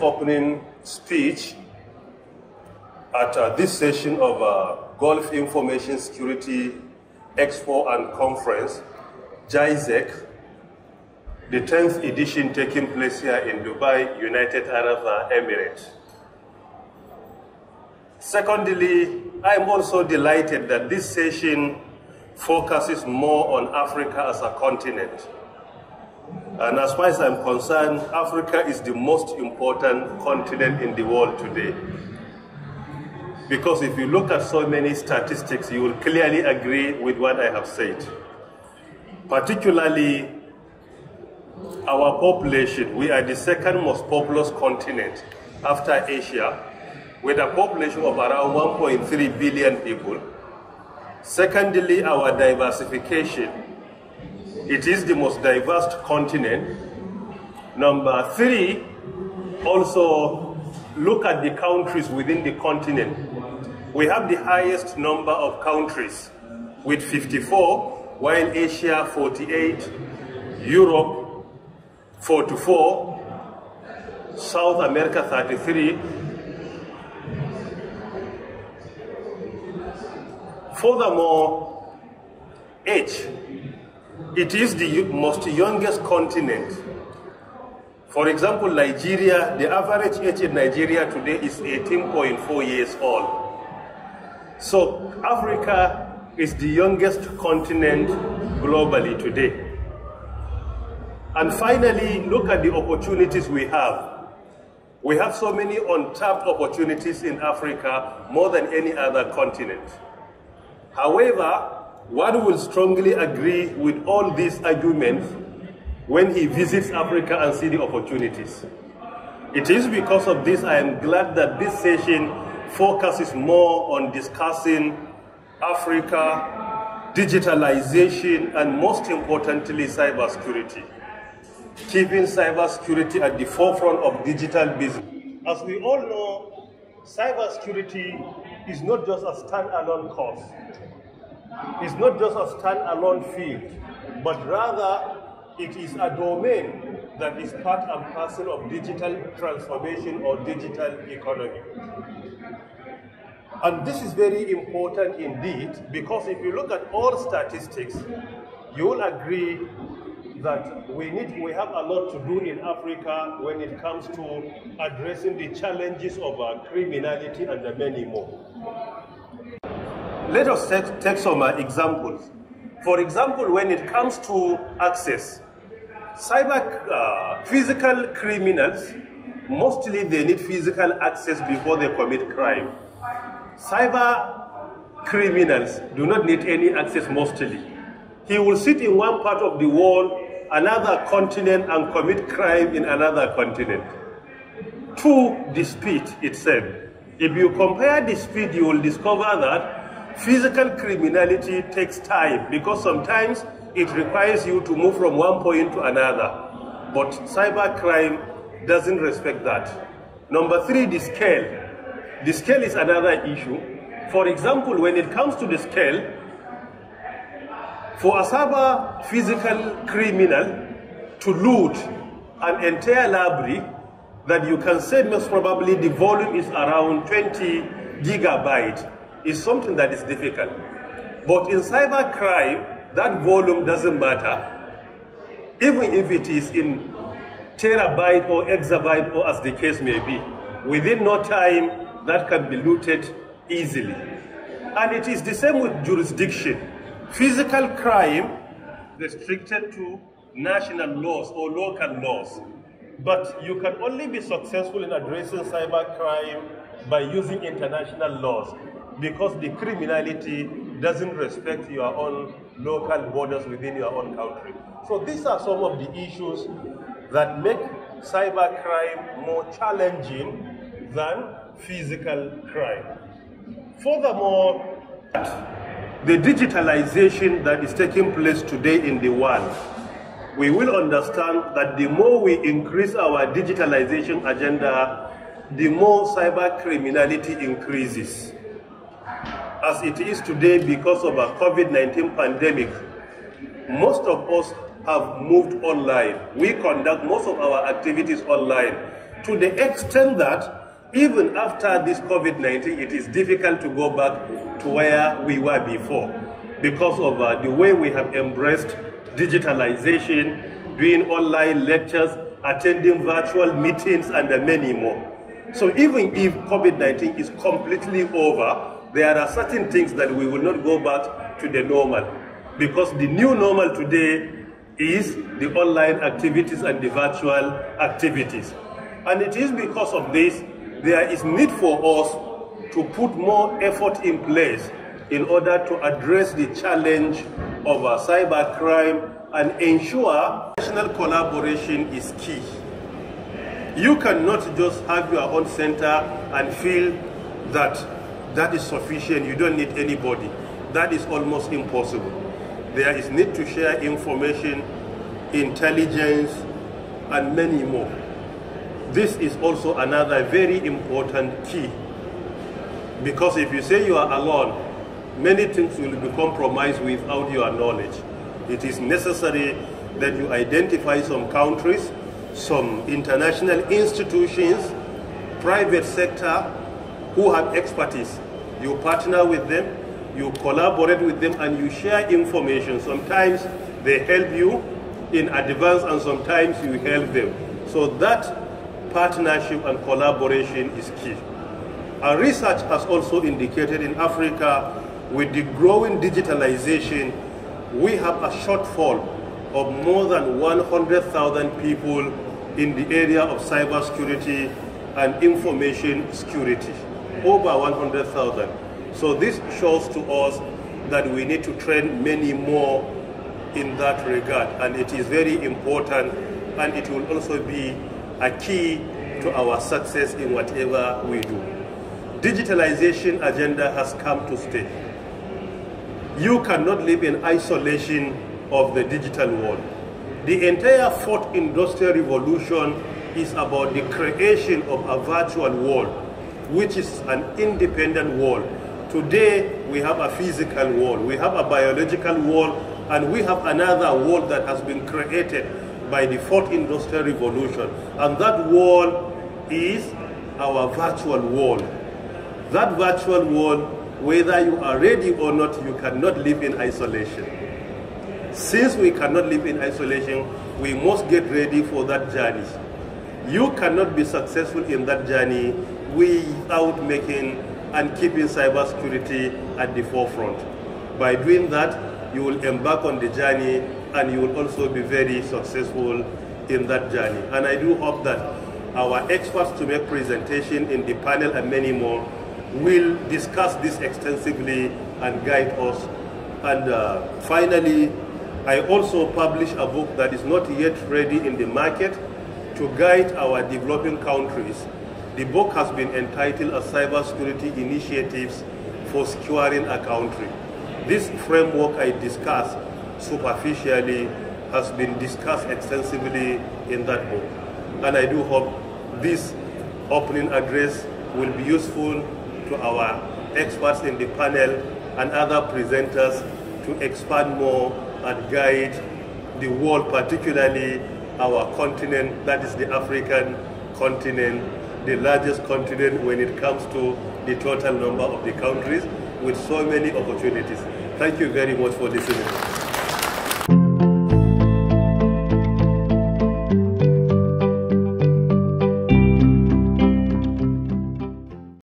opening speech at uh, this session of uh, Gulf Information Security Expo and Conference, JISEC, the 10th edition taking place here in Dubai, United Arab Emirates. Secondly, I am also delighted that this session focuses more on Africa as a continent. And as far as I'm concerned, Africa is the most important continent in the world today. Because if you look at so many statistics, you will clearly agree with what I have said. Particularly, our population, we are the second most populous continent after Asia, with a population of around 1.3 billion people. Secondly, our diversification it is the most diverse continent. Number three, also look at the countries within the continent. We have the highest number of countries with 54, while Asia 48, Europe 44, South America 33. Furthermore, age it is the most youngest continent. For example, Nigeria, the average age in Nigeria today is 18.4 years old. So Africa is the youngest continent globally today. And finally, look at the opportunities we have. We have so many untapped opportunities in Africa more than any other continent. However, one will strongly agree with all these arguments when he visits Africa and see the opportunities. It is because of this I am glad that this session focuses more on discussing Africa, digitalization, and most importantly, cybersecurity. Keeping cybersecurity at the forefront of digital business. As we all know, cybersecurity is not just a standalone cause is not just a standalone field, but rather it is a domain that is part and parcel of digital transformation or digital economy. And this is very important indeed, because if you look at all statistics, you will agree that we need we have a lot to do in Africa when it comes to addressing the challenges of our criminality and many more. Let us take, take some uh, examples. For example, when it comes to access, cyber uh, physical criminals, mostly they need physical access before they commit crime. Cyber criminals do not need any access mostly. He will sit in one part of the world, another continent, and commit crime in another continent. Two, the speed itself. If you compare the speed, you will discover that Physical criminality takes time because sometimes it requires you to move from one point to another. But cybercrime doesn't respect that. Number three, the scale. The scale is another issue. For example, when it comes to the scale, for a cyber physical criminal to loot an entire library that you can say most probably the volume is around 20 gigabyte is something that is difficult. But in cybercrime, that volume doesn't matter. Even if it is in terabyte or exabyte or as the case may be, within no time, that can be looted easily. And it is the same with jurisdiction. Physical crime restricted to national laws or local laws. But you can only be successful in addressing cybercrime by using international laws because the criminality doesn't respect your own local borders within your own country. So these are some of the issues that make cybercrime more challenging than physical crime. Furthermore, the digitalization that is taking place today in the world, we will understand that the more we increase our digitalization agenda, the more cyber criminality increases as it is today because of a COVID-19 pandemic, most of us have moved online. We conduct most of our activities online to the extent that even after this COVID-19, it is difficult to go back to where we were before because of uh, the way we have embraced digitalization, doing online lectures, attending virtual meetings, and many more. So even if COVID-19 is completely over, there are certain things that we will not go back to the normal because the new normal today is the online activities and the virtual activities. And it is because of this there is need for us to put more effort in place in order to address the challenge of cybercrime and ensure national collaboration is key. You cannot just have your own center and feel that that is sufficient. You don't need anybody. That is almost impossible. There is need to share information, intelligence, and many more. This is also another very important key. Because if you say you are alone, many things will be compromised without your knowledge. It is necessary that you identify some countries, some international institutions, private sector, who have expertise. You partner with them, you collaborate with them, and you share information. Sometimes they help you in advance, and sometimes you help them. So that partnership and collaboration is key. Our research has also indicated in Africa, with the growing digitalization, we have a shortfall of more than 100,000 people in the area of cybersecurity and information security over 100,000. So this shows to us that we need to train many more in that regard. And it is very important and it will also be a key to our success in whatever we do. Digitalization agenda has come to stay. You cannot live in isolation of the digital world. The entire fourth industrial revolution is about the creation of a virtual world which is an independent world. Today, we have a physical world, we have a biological world, and we have another world that has been created by the fourth industrial revolution. And that world is our virtual world. That virtual world, whether you are ready or not, you cannot live in isolation. Since we cannot live in isolation, we must get ready for that journey. You cannot be successful in that journey without making and keeping cybersecurity at the forefront. By doing that, you will embark on the journey and you will also be very successful in that journey. And I do hope that our experts to make presentation in the panel and many more will discuss this extensively and guide us. And uh, finally, I also publish a book that is not yet ready in the market to guide our developing countries the book has been entitled "A Cybersecurity Initiatives for Securing a Country. This framework I discuss superficially has been discussed extensively in that book. And I do hope this opening address will be useful to our experts in the panel and other presenters to expand more and guide the world, particularly our continent, that is the African continent, the largest continent when it comes to the total number of the countries with so many opportunities. Thank you very much for listening.